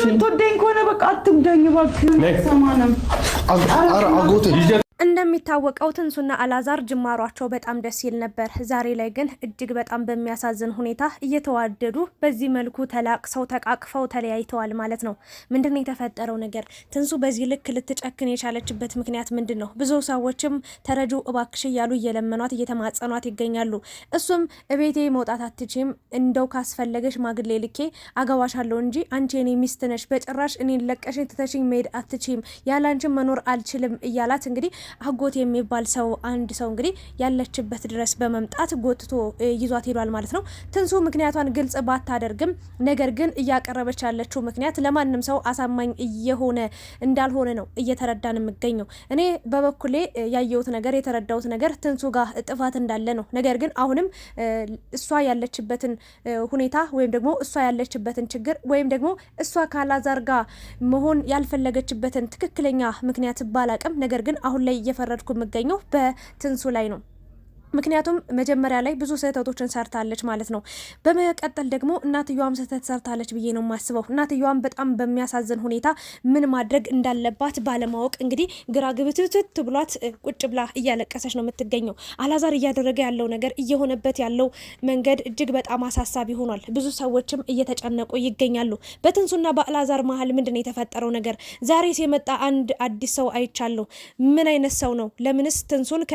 የምትወደኝ ከሆነ በቃ አትጉዳኝ እባክህ። ሰማንም አጎቴ እንደሚታወቀው ትንሱና አላዛር ጅማሯቸው በጣም ደስ ይል ነበር። ዛሬ ላይ ግን እጅግ በጣም በሚያሳዝን ሁኔታ እየተዋደዱ በዚህ መልኩ ተላቅሰው ተቃቅፈው ተለያይተዋል ማለት ነው። ምንድን ነው የተፈጠረው ነገር? ትንሱ በዚህ ልክ ልትጨክን የቻለችበት ምክንያት ምንድን ነው? ብዙ ሰዎችም ተረጁ እባክሽ እያሉ እየለመኗት እየተማጸኗት ይገኛሉ። እሱም እቤቴ መውጣት አትችም፣ እንደው ካስፈለገች ሽማግሌ ልኬ አገባሻለሁ እንጂ አንቺ የኔ ሚስት ነሽ፣ በጭራሽ እኔን ለቀሽኝ ትተሽኝ መሄድ አትችም፣ ያላንቺን መኖር አልችልም እያላት እንግዲህ አጎት የሚባል ሰው አንድ ሰው እንግዲህ ያለችበት ድረስ በመምጣት ጎትቶ ይዟት ሄዷል ማለት ነው። ትንሱ ምክንያቷን ግልጽ ባታደርግም ነገር ግን እያቀረበች ያለችው ምክንያት ለማንም ሰው አሳማኝ እየሆነ እንዳልሆነ ነው እየተረዳን የምገኘው። እኔ በበኩሌ ያየሁት ነገር የተረዳሁት ነገር ትንሱ ጋር ጥፋት እንዳለ ነው። ነገር ግን አሁንም እሷ ያለችበትን ሁኔታ ወይም ደግሞ እሷ ያለችበትን ችግር ወይም ደግሞ እሷ ካላዛር ጋር መሆን ያልፈለገችበትን ትክክለኛ ምክንያት ባላቅም ነገር ግን አሁን ላይ እየፈረድኩ የምገኘው በትንሱ ላይ ነው። ምክንያቱም መጀመሪያ ላይ ብዙ ስህተቶችን ሰርታለች ማለት ነው። በመቀጠል ደግሞ እናትየዋም ስህተት ሰርታለች ብዬ ነው የማስበው። እናትየዋም በጣም በሚያሳዝን ሁኔታ ምን ማድረግ እንዳለባት ባለማወቅ እንግዲህ ግራ ግብትትት ብሏት ቁጭ ብላ እያለቀሰች ነው የምትገኘው። አላዛር እያደረገ ያለው ነገር እየሆነበት ያለው መንገድ እጅግ በጣም አሳሳቢ ሆኗል። ብዙ ሰዎችም እየተጨነቁ ይገኛሉ። በትንሱና በአላዛር መሀል ምንድን ነው የተፈጠረው ነገር? ዛሬስ የመጣ አንድ አዲስ ሰው አይቻለሁ። ምን አይነት ሰው ነው? ለምንስ ትንሱን ከ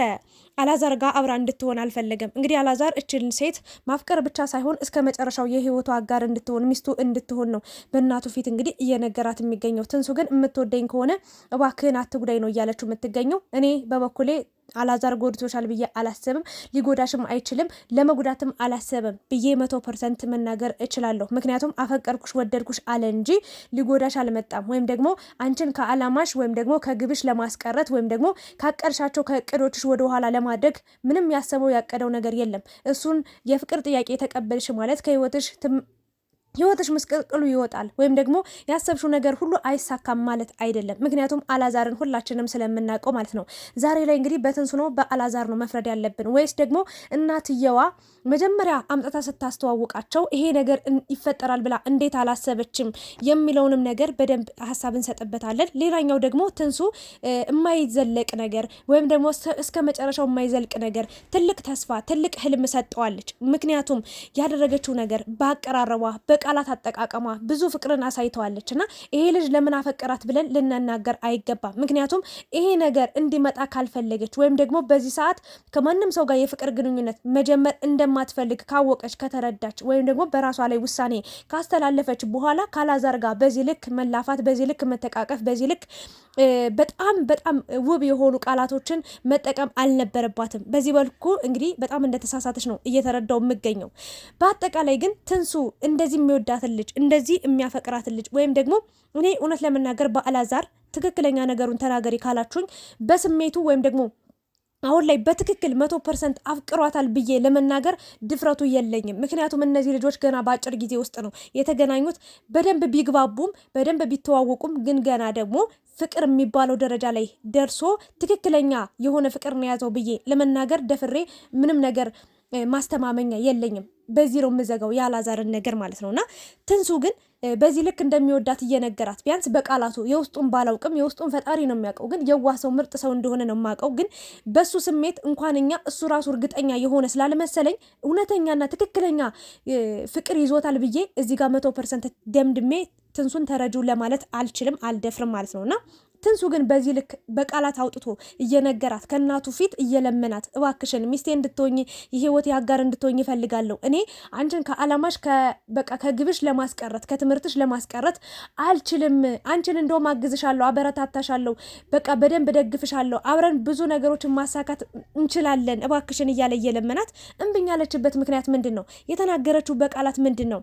አላዛር ጋር አብራ እንድትሆን አልፈለገም። እንግዲህ አላዛር እችን ሴት ማፍቀር ብቻ ሳይሆን እስከ መጨረሻው የህይወቱ አጋር እንድትሆን ሚስቱ እንድትሆን ነው በእናቱ ፊት እንግዲህ እየነገራት የሚገኘው። ትንሱ ግን የምትወደኝ ከሆነ እባክህን አትጉዳይ ነው እያለችው የምትገኘው። እኔ በበኩሌ አላዛር ጎድቶሻል ብዬ አላስብም። ሊጎዳሽም አይችልም፣ ለመጉዳትም አላሰብም ብዬ መቶ ፐርሰንት መናገር እችላለሁ። ምክንያቱም አፈቀርኩሽ ወደድኩሽ አለ እንጂ ሊጎዳሽ አልመጣም። ወይም ደግሞ አንቺን ከአላማሽ ወይም ደግሞ ከግብሽ ለማስቀረት ወይም ደግሞ ካቀድሻቸው ከእቅዶችሽ ወደኋላ ለማድረግ ምንም ያሰበው ያቀደው ነገር የለም። እሱን የፍቅር ጥያቄ የተቀበልሽ ማለት ከህይወትሽ ህይወትሽ መስቀልቅሉ ይወጣል ወይም ደግሞ ያሰብሽው ነገር ሁሉ አይሳካም ማለት አይደለም። ምክንያቱም አላዛርን ሁላችንም ስለምናውቀው ማለት ነው። ዛሬ ላይ እንግዲህ በትንሱ ነው በአላዛር ነው መፍረድ ያለብን ወይስ ደግሞ እናትየዋ መጀመሪያ አምጥታ ስታስተዋውቃቸው ይሄ ነገር ይፈጠራል ብላ እንዴት አላሰበችም የሚለውንም ነገር በደንብ ሀሳብ እንሰጥበታለን። ሌላኛው ደግሞ ትንሱ የማይዘለቅ ነገር ወይም ደግሞ እስከ መጨረሻው የማይዘልቅ ነገር ትልቅ ተስፋ ትልቅ ህልም ሰጠዋለች። ምክንያቱም ያደረገችው ነገር በአቀራረቧ በቃላት አጠቃቀሟ ብዙ ፍቅርን አሳይተዋለች እና ይሄ ልጅ ለምን አፈቀራት ብለን ልንናገር አይገባም። ምክንያቱም ይሄ ነገር እንዲመጣ ካልፈለገች ወይም ደግሞ በዚህ ሰዓት ከማንም ሰው ጋር የፍቅር ግንኙነት መጀመር እንደማትፈልግ ካወቀች፣ ከተረዳች ወይም ደግሞ በራሷ ላይ ውሳኔ ካስተላለፈች በኋላ ካላዛር በዚህ ልክ መላፋት፣ በዚህ ልክ መተቃቀፍ፣ በዚህ ልክ በጣም በጣም ውብ የሆኑ ቃላቶችን መጠቀም አልነበረባትም። በዚህ መልኩ እንግዲህ በጣም እንደተሳሳተች ነው እየተረዳው የምገኘው። በአጠቃላይ ግን ትንሱ እንደዚህ የሚወዳትን ልጅ እንደዚህ የሚያፈቅራትን ልጅ ወይም ደግሞ እኔ እውነት ለመናገር በአላዛር ትክክለኛ ነገሩን ተናገሪ ካላችሁኝ በስሜቱ ወይም ደግሞ አሁን ላይ በትክክል መቶ ፐርሰንት አፍቅሯታል ብዬ ለመናገር ድፍረቱ የለኝም። ምክንያቱም እነዚህ ልጆች ገና በአጭር ጊዜ ውስጥ ነው የተገናኙት። በደንብ ቢግባቡም በደንብ ቢተዋወቁም ግን ገና ደግሞ ፍቅር የሚባለው ደረጃ ላይ ደርሶ ትክክለኛ የሆነ ፍቅር ነው የያዘው ብዬ ለመናገር ደፍሬ ምንም ነገር ማስተማመኛ የለኝም። በዚህ ነው የምዘጋው የአላዛርን ነገር ማለት ነውና ትንሱ ግን በዚህ ልክ እንደሚወዳት እየነገራት ቢያንስ በቃላቱ የውስጡን ባላውቅም የውስጡን ፈጣሪ ነው የሚያውቀው። ግን የዋህ ሰው ምርጥ ሰው እንደሆነ ነው የማውቀው። ግን በሱ ስሜት እንኳን እኛ እሱ ራሱ እርግጠኛ የሆነ ስላልመሰለኝ እውነተኛና ትክክለኛ ፍቅር ይዞታል ብዬ እዚህ ጋር መቶ ፐርሰንት ደምድሜ ትንሱን ተረጁ ለማለት አልችልም፣ አልደፍርም ማለት ነውና ትንሱ ግን በዚህ ልክ በቃላት አውጥቶ እየነገራት ከእናቱ ፊት እየለመናት እባክሽን ሚስቴ እንድትሆኝ የህይወት አጋር እንድትሆኝ ይፈልጋለሁ እኔ አንቺን ከአላማሽ በቃ ከግብሽ ለማስቀረት ከትምህርትሽ ለማስቀረት አልችልም። አንቺን እንደውም አግዝሻለሁ፣ አበረታታሻለሁ፣ በቃ በደንብ ደግፍሻለሁ፣ አብረን ብዙ ነገሮችን ማሳካት እንችላለን፣ እባክሽን እያለ እየለመናት እምብኛለችበት ምክንያት ምንድን ነው? የተናገረችው በቃላት ምንድን ነው?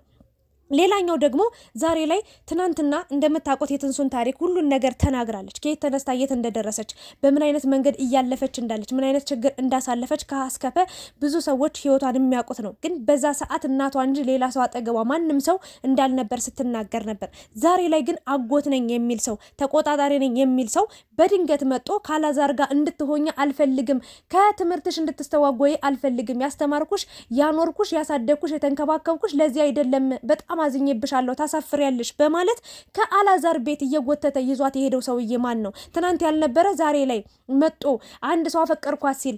ሌላኛው ደግሞ ዛሬ ላይ ትናንትና እንደምታውቁት የትንሱን ታሪክ ሁሉን ነገር ተናግራለች። ከየት ተነስታ የት እንደደረሰች፣ በምን አይነት መንገድ እያለፈች እንዳለች፣ ምን አይነት ችግር እንዳሳለፈች ከአስከፈ ብዙ ሰዎች ህይወቷን የሚያውቁት ነው። ግን በዛ ሰዓት እናቷ እንጂ ሌላ ሰው አጠገቧ ማንም ሰው እንዳልነበር ስትናገር ነበር። ዛሬ ላይ ግን አጎት ነኝ የሚል ሰው ተቆጣጣሪ ነኝ የሚል ሰው በድንገት መጦ ካላዛር ጋር እንድትሆኝ አልፈልግም፣ ከትምህርትሽ እንድትስተዋጎይ አልፈልግም፣ ያስተማርኩሽ፣ ያኖርኩሽ፣ ያሳደግኩሽ፣ የተንከባከብኩሽ ለዚህ አይደለም በጣም በጣም አዝኜብሻለሁ፣ ታሳፍሪያለሽ በማለት ከአላዛር ቤት እየጎተተ ይዟት የሄደው ሰውዬ ማን ነው? ትናንት ያልነበረ ዛሬ ላይ መጦ አንድ ሰው አፈቀርኳት ሲል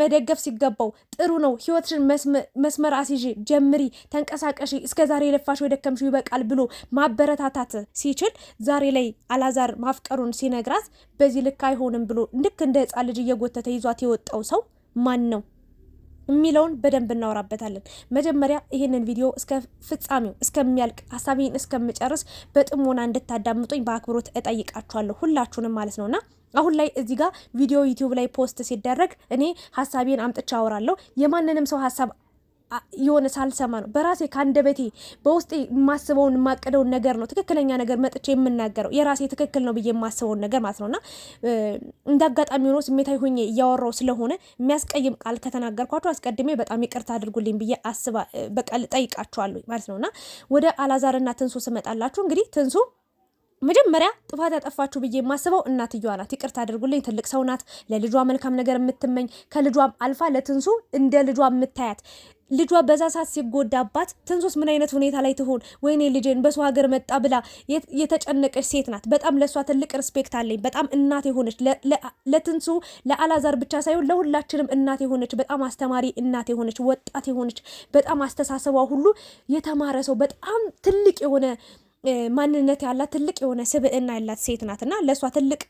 መደገፍ ሲገባው ጥሩ ነው፣ ህይወትሽን መስመር አስይዥ፣ ጀምሪ፣ ተንቀሳቀሺ፣ እስከ ዛሬ የለፋሽ የደከምሽ ይበቃል ብሎ ማበረታታት ሲችል ዛሬ ላይ አላዛር ማፍቀሩን ሲነግራት በዚህ ልክ አይሆንም ብሎ ልክ እንደ ህፃን ልጅ እየጎተተ ይዟት የወጣው ሰው ማን ነው? የሚለውን በደንብ እናወራበታለን። መጀመሪያ ይህንን ቪዲዮ እስከ ፍጻሜው እስከሚያልቅ ሀሳቤን እስከምጨርስ በጥሞና እንድታዳምጡኝ በአክብሮት እጠይቃችኋለሁ ሁላችሁንም ማለት ነውና አሁን ላይ እዚህ ጋር ቪዲዮ ዩቲዩብ ላይ ፖስት ሲደረግ እኔ ሀሳቤን አምጥቻ አወራለሁ። የማንንም ሰው ሀሳብ የሆነ ሳልሰማ ነው በራሴ ከአንደበቴ በውስጤ የማስበውን የማቀደውን ነገር ነው ትክክለኛ ነገር መጥቼ የምናገረው የራሴ ትክክል ነው ብዬ የማስበውን ነገር ማለት ነውና እንደ አጋጣሚ ሆኖ ስሜታዊ ሆኜ እያወራው ስለሆነ የሚያስቀይም ቃል ከተናገርኳቸው አስቀድሜ በጣም ይቅርታ አድርጉልኝ ብዬ አስባ በቃል ጠይቃቸዋለሁ ማለት ነውና ወደ አላዛርና ትንሱ ስመጣላችሁ እንግዲህ ትንሱ መጀመሪያ ጥፋት ያጠፋችሁ ብዬ የማስበው እናትየዋ ናት። ይቅርታ አድርጉልኝ፣ ትልቅ ሰው ናት። ለልጇ መልካም ነገር የምትመኝ ከልጇም አልፋ ለትንሱ እንደ ልጇ የምታያት ልጇ በዛ ሰዓት ሲጎዳባት ትንሶስ ምን አይነት ሁኔታ ላይ ትሆን? ወይኔ ልጄን በሰው ሀገር መጣ ብላ የተጨነቀች ሴት ናት። በጣም ለእሷ ትልቅ ሪስፔክት አለኝ። በጣም እናት የሆነች ለትንሱ ለአላዛር ብቻ ሳይሆን ለሁላችንም እናት የሆነች በጣም አስተማሪ እናት የሆነች ወጣት የሆነች በጣም አስተሳሰቧ ሁሉ የተማረ ሰው በጣም ትልቅ የሆነ ማንነት ያላት ትልቅ የሆነ ስብዕና ያላት ሴት ናት እና ለእሷ ትልቅ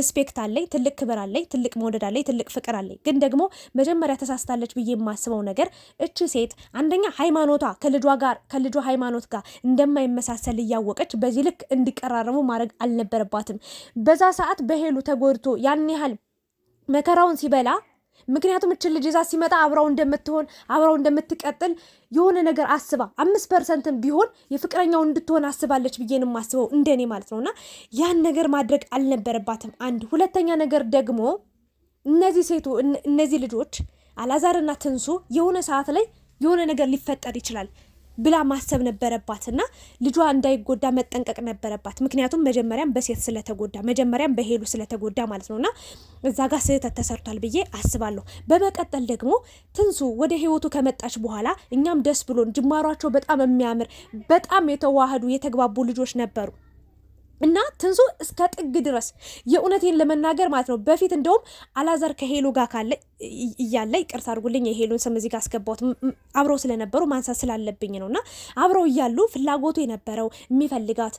ሪስፔክት አለኝ፣ ትልቅ ክብር አለኝ፣ ትልቅ መውደድ አለኝ፣ ትልቅ ፍቅር አለኝ። ግን ደግሞ መጀመሪያ ተሳስታለች ብዬ የማስበው ነገር እች ሴት አንደኛ ሃይማኖቷ ከልጇ ጋር ከልጇ ሃይማኖት ጋር እንደማይመሳሰል እያወቀች በዚህ ልክ እንዲቀራረቡ ማድረግ አልነበረባትም። በዛ ሰዓት በሄሉ ተጎድቶ ያን ያህል መከራውን ሲበላ ምክንያቱም እችን ልጅ ይዛ ሲመጣ አብራው እንደምትሆን አብራው እንደምትቀጥል የሆነ ነገር አስባ አምስት ፐርሰንትም ቢሆን የፍቅረኛው እንድትሆን አስባለች ብዬ ነው የማስበው እንደኔ ማለት ነው። እና ያን ነገር ማድረግ አልነበረባትም። አንድ ሁለተኛ ነገር ደግሞ እነዚህ ሴቱ እነዚህ ልጆች አላዛርና ትንሱ የሆነ ሰዓት ላይ የሆነ ነገር ሊፈጠር ይችላል። ብላ ማሰብ ነበረባትና ልጇ እንዳይጎዳ መጠንቀቅ ነበረባት። ምክንያቱም መጀመሪያም በሴት ስለተጎዳ መጀመሪያም በሄሉ ስለተጎዳ ማለት ነውና እዛ ጋር ስህተት ተሰርቷል ብዬ አስባለሁ። በመቀጠል ደግሞ ትንሱ ወደ ህይወቱ ከመጣች በኋላ እኛም ደስ ብሎን ጅማሯቸው በጣም የሚያምር በጣም የተዋህዱ የተግባቡ ልጆች ነበሩ። እና ትንሱ እስከ ጥግ ድረስ የእውነቴን ለመናገር ማለት ነው። በፊት እንደውም አላዛር ከሄሎ ጋር ካለ እያለ ይቅርታ አድርጉልኝ የሄሎን ስም እዚህ ጋር አስገባሁት አብረው ስለነበሩ ማንሳት ስላለብኝ ነው። እና አብረው እያሉ ፍላጎቱ የነበረው የሚፈልጋት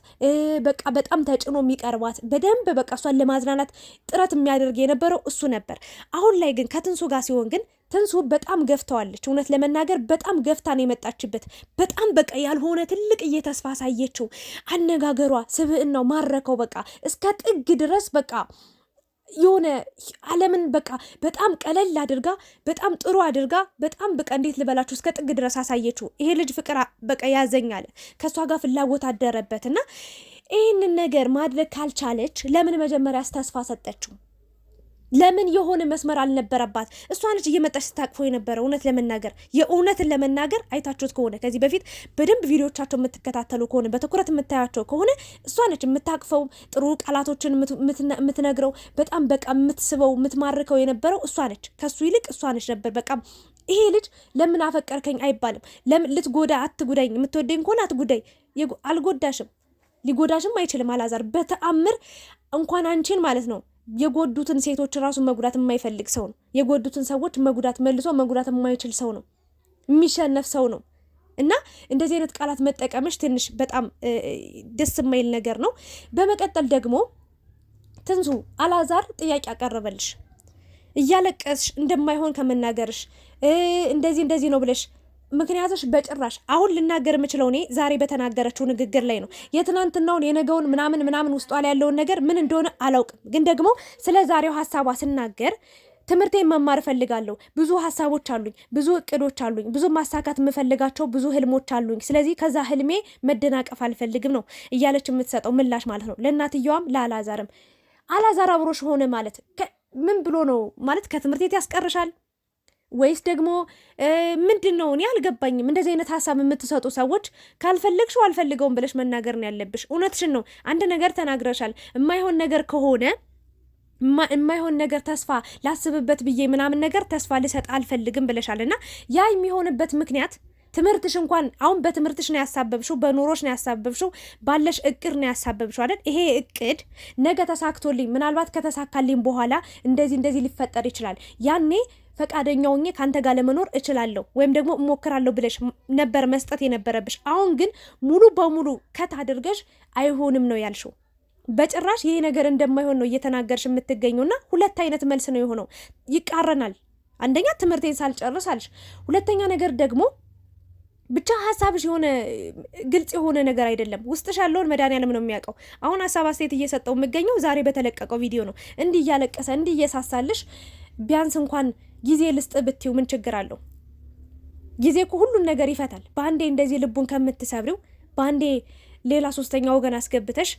በቃ በጣም ተጭኖ የሚቀርባት በደንብ በቃ እሷን ለማዝናናት ጥረት የሚያደርግ የነበረው እሱ ነበር። አሁን ላይ ግን ከትንሱ ጋር ሲሆን ግን ትንሱ በጣም ገፍተዋለች። እውነት ለመናገር በጣም ገፍታ ነው የመጣችበት። በጣም በቃ ያልሆነ ትልቅ እየተስፋ ሳየችው አነጋገሯ፣ ስብዕናው ማረከው በቃ እስከ ጥግ ድረስ በቃ የሆነ ዓለምን በቃ በጣም ቀለል አድርጋ በጣም ጥሩ አድርጋ በጣም በቃ እንዴት ልበላችሁ እስከ ጥግ ድረስ አሳየችው። ይሄ ልጅ ፍቅር በቃ ያዘኛል ከእሷ ጋር ፍላጎት አደረበት እና ይህንን ነገር ማድረግ ካልቻለች ለምን መጀመሪያ ተስፋ ሰጠችው? ለምን የሆነ መስመር አልነበረባት? እሷ ነች እየመጣች ስታቅፎ የነበረ። እውነት ለመናገር የእውነትን ለመናገር አይታችሁት ከሆነ ከዚህ በፊት በደንብ ቪዲዮቻቸው የምትከታተሉ ከሆነ በትኩረት የምታያቸው ከሆነ እሷ ነች የምታቅፈው፣ ጥሩ ቃላቶችን የምትነግረው፣ በጣም በቃ የምትስበው፣ የምትማርከው የነበረው እሷ ነች። ከሱ ይልቅ እሷ ነች ነበር በቃ ይሄ ልጅ ለምን አፈቀርከኝ አይባልም። ለምን ልትጎዳ አትጉዳኝ፣ የምትወደኝ ከሆነ አትጉዳይ። አልጎዳሽም፣ ሊጎዳሽም አይችልም። አላዛር በተአምር እንኳን አንቺን ማለት ነው የጎዱትን ሴቶች ራሱ መጉዳት የማይፈልግ ሰው ነው። የጎዱትን ሰዎች መጉዳት መልሶ መጉዳት የማይችል ሰው ነው። የሚሸነፍ ሰው ነው። እና እንደዚህ አይነት ቃላት መጠቀምሽ ትንሽ በጣም ደስ የማይል ነገር ነው። በመቀጠል ደግሞ ትንሱ አላዛር ጥያቄ አቀረበልሽ እያለቀስሽ እንደማይሆን ከመናገርሽ እንደዚህ እንደዚህ ነው ብለሽ ምክንያቶች በጭራሽ አሁን ልናገር የምችለው እኔ ዛሬ በተናገረችው ንግግር ላይ ነው። የትናንትናውን የነገውን ምናምን ምናምን ውስጧ ላይ ያለውን ነገር ምን እንደሆነ አላውቅም፣ ግን ደግሞ ስለ ዛሬው ሀሳቧ ስናገር ትምህርቴን መማር እፈልጋለሁ። ብዙ ሀሳቦች አሉኝ፣ ብዙ እቅዶች አሉኝ፣ ብዙ ማሳካት የምፈልጋቸው ብዙ ህልሞች አሉኝ። ስለዚህ ከዛ ህልሜ መደናቀፍ አልፈልግም ነው እያለች የምትሰጠው ምላሽ ማለት ነው ለእናትየዋም ለአላዛርም። አላዛር አብሮሽ ሆነ ማለት ምን ብሎ ነው ማለት ከትምህርት ቤት ያስቀርሻል ወይስ ደግሞ ምንድን ነው? እኔ አልገባኝም። እንደዚህ አይነት ሀሳብ የምትሰጡ ሰዎች ካልፈለግሽው አልፈልገውም ብለሽ መናገር ነው ያለብሽ። እውነትሽን ነው። አንድ ነገር ተናግረሻል። የማይሆን ነገር ከሆነ የማይሆን ነገር ተስፋ ላስብበት ብዬ ምናምን ነገር ተስፋ ልሰጥ አልፈልግም ብለሻል እና ያ የሚሆንበት ምክንያት ትምህርትሽ እንኳን አሁን በትምህርትሽ ነው ያሳበብሽው፣ በኑሮሽ ነው ያሳበብሽው፣ ባለሽ እቅድ ነው ያሳበብሽው አይደል? ይሄ እቅድ ነገ ተሳክቶልኝ ምናልባት ከተሳካልኝ በኋላ እንደዚህ እንደዚህ ሊፈጠር ይችላል ያኔ ፈቃደኛ ሆኜ ከአንተ ጋር ለመኖር እችላለሁ ወይም ደግሞ እሞክራለሁ ብለሽ ነበር መስጠት የነበረብሽ። አሁን ግን ሙሉ በሙሉ ከት አድርገሽ አይሆንም ነው ያልሽው። በጭራሽ ይሄ ነገር እንደማይሆን ነው እየተናገርሽ የምትገኘውና ሁለት አይነት መልስ ነው የሆነው። ይቃረናል። አንደኛ ትምህርቴን ሳልጨርስ አልሽ። ሁለተኛ ነገር ደግሞ ብቻ ሀሳብሽ የሆነ ግልጽ የሆነ ነገር አይደለም። ውስጥሽ ያለውን መድኃኒዓለም ነው የሚያውቀው። አሁን ሀሳብ አስተያየት እየሰጠው የምገኘው ዛሬ በተለቀቀው ቪዲዮ ነው። እንዲህ እያለቀሰ እንዲህ እየሳሳልሽ ቢያንስ እንኳን ጊዜ ልስጥ ብትው ምን ችግር አለው? ጊዜ እኮ ሁሉን ነገር ይፈታል። በአንዴ እንደዚህ ልቡን ከምትሰብሪው፣ በአንዴ ሌላ ሶስተኛ ወገን አስገብተሽ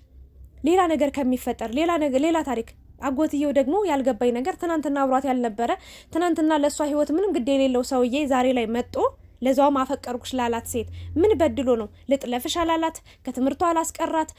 ሌላ ነገር ከሚፈጠር ሌላ ታሪክ። አጎትየው ደግሞ ያልገባኝ ነገር ትናንትና አብሯት ያልነበረ ትናንትና ለእሷ ህይወት ምንም ግድ የሌለው ሰውዬ ዛሬ ላይ መጦ ለዛውም አፈቀርኩሽ ላላት ሴት ምን በድሎ ነው? ልጥለፍሽ አላላት፣ ከትምህርቷ አላስቀራት፣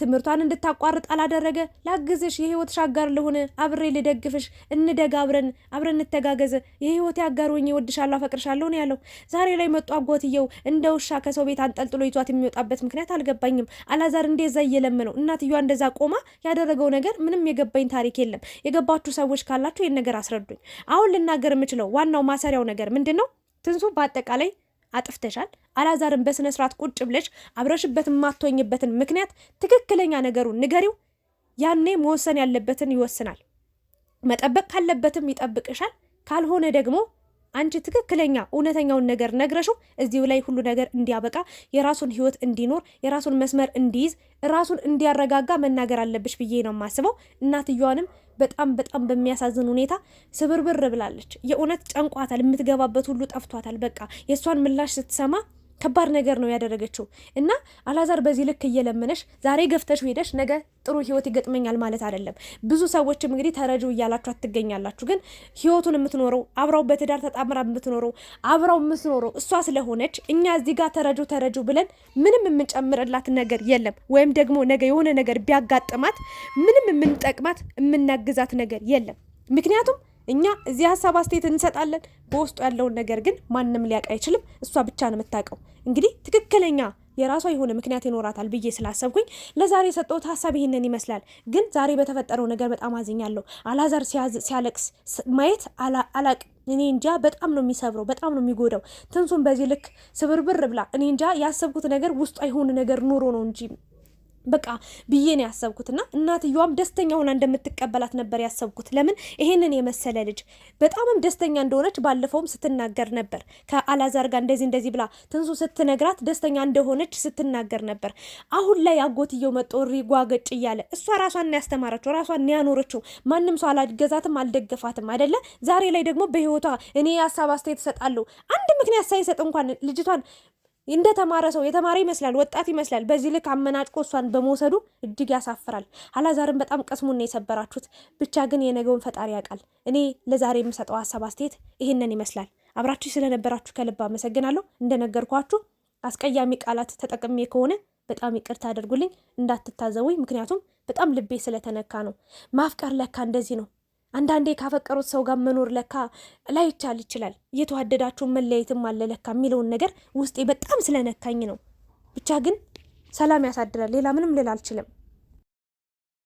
ትምህርቷን እንድታቋርጥ አላደረገ። ላግዝሽ፣ የህይወትሽ አጋር ልሁን፣ አብሬ ልደግፍሽ፣ እንደግ፣ አብረን አብረን እንተጋገዝ፣ የህይወት አጋር ሆኜ እወድሻለሁ፣ አፈቅርሻለሁ ነው ያለው። ዛሬ ላይ መጡ አጎትየው እንደ ውሻ ከሰው ቤት አንጠልጥሎ ይዟት የሚወጣበት ምክንያት አልገባኝም። አላዛር እንደዛ እየለመነው፣ እናትየዋ እንደዛ ቆማ ያደረገው ነገር ምንም የገባኝ ታሪክ የለም። የገባችሁ ሰዎች ካላችሁ ይህን ነገር አስረዱኝ። አሁን ልናገር የምችለው ዋናው ማሰሪያው ነገር ምንድን ነው? ትንሱ በአጠቃላይ አጥፍተሻል። አላዛርን በስነ ስርዓት ቁጭ ብለሽ አብረሽበት የማትወኝበትን ምክንያት ትክክለኛ ነገሩን ንገሪው። ያኔ መወሰን ያለበትን ይወስናል። መጠበቅ ካለበትም ይጠብቅሻል። ካልሆነ ደግሞ አንቺ ትክክለኛ እውነተኛውን ነገር ነግረሽው እዚሁ ላይ ሁሉ ነገር እንዲያበቃ የራሱን ህይወት እንዲኖር የራሱን መስመር እንዲይዝ ራሱን እንዲያረጋጋ መናገር አለብሽ ብዬ ነው የማስበው። እናትየዋንም በጣም በጣም በሚያሳዝን ሁኔታ ስብርብር ብላለች። የእውነት ጨንቋታል። የምትገባበት ሁሉ ጠፍቷታል። በቃ የእሷን ምላሽ ስትሰማ ከባድ ነገር ነው ያደረገችው እና አላዛር በዚህ ልክ እየለመነሽ ዛሬ ገፍተሽ ሄደሽ ነገ ጥሩ ህይወት ይገጥመኛል ማለት አይደለም። ብዙ ሰዎችም እንግዲህ ተረጂው እያላችሁ አትገኛላችሁ። ግን ህይወቱን የምትኖረው አብራው በትዳር ተጣምራ የምትኖረው አብራው የምትኖረው እሷ ስለሆነች እኛ እዚህ ጋር ተረጂው ተረጂው ብለን ምንም የምንጨምርላት ነገር የለም። ወይም ደግሞ ነገ የሆነ ነገር ቢያጋጥማት ምንም የምንጠቅማት የምናግዛት ነገር የለም። ምክንያቱም እኛ እዚህ ሀሳብ አስተያየት እንሰጣለን። በውስጡ ያለውን ነገር ግን ማንም ሊያውቅ አይችልም። እሷ ብቻ ነው የምታውቀው። እንግዲህ ትክክለኛ የራሷ የሆነ ምክንያት ይኖራታል ብዬ ስላሰብኩኝ ለዛሬ የሰጠሁት ሀሳብ ይህንን ይመስላል። ግን ዛሬ በተፈጠረው ነገር በጣም አዝኛለሁ። አላዛር ሲያለቅስ ማየት አላቅ እኔ እንጃ፣ በጣም ነው የሚሰብረው፣ በጣም ነው የሚጎዳው። ትንሱን በዚህ ልክ ስብርብር ብላ እኔ እንጃ ያሰብኩት ነገር ውስጧ የሆነ ነገር ኑሮ ነው እንጂ በቃ ብዬ ነው ያሰብኩትና እናትየዋም ደስተኛ ሆና እንደምትቀበላት ነበር ያሰብኩት። ለምን ይሄንን የመሰለ ልጅ በጣምም ደስተኛ እንደሆነች ባለፈውም ስትናገር ነበር። ከአላዛር ጋር እንደዚህ እንደዚህ ብላ ትንሱ ስትነግራት ደስተኛ እንደሆነች ስትናገር ነበር። አሁን ላይ አጎትየው መጦሪ ጓገጭ እያለ እሷ ራሷን ያስተማረችው ራሷን ያኖረችው ማንም ሰው አላገዛትም፣ አልደገፋትም አይደለ። ዛሬ ላይ ደግሞ በህይወቷ እኔ ሀሳብ አስተያየት እሰጣለሁ አንድ ምክንያት ሳይሰጥ እንኳን ልጅቷን እንደ ተማረ ሰው የተማረ ይመስላል፣ ወጣት ይመስላል። በዚህ ልክ አመናጭቆ እሷን በመውሰዱ እጅግ ያሳፍራል። አላዛርን በጣም ቀስሙን የሰበራችሁት። ብቻ ግን የነገውን ፈጣሪ ያውቃል። እኔ ለዛሬ የምሰጠው ሀሳብ አስተያየት ይህንን ይመስላል። አብራችሁ ስለነበራችሁ ከልብ አመሰግናለሁ። እንደነገርኳችሁ አስቀያሚ ቃላት ተጠቅሜ ከሆነ በጣም ይቅርታ አድርጉልኝ፣ እንዳትታዘቡኝ። ምክንያቱም በጣም ልቤ ስለተነካ ነው። ማፍቀር ለካ እንደዚህ ነው። አንዳንዴ ካፈቀሩት ሰው ጋር መኖር ለካ ላይቻል ይችላል፣ እየተዋደዳችሁ መለያየትም አለ ለካ የሚለውን ነገር ውስጤ በጣም ስለነካኝ ነው። ብቻ ግን ሰላም ያሳድራል። ሌላ ምንም ልል አልችልም።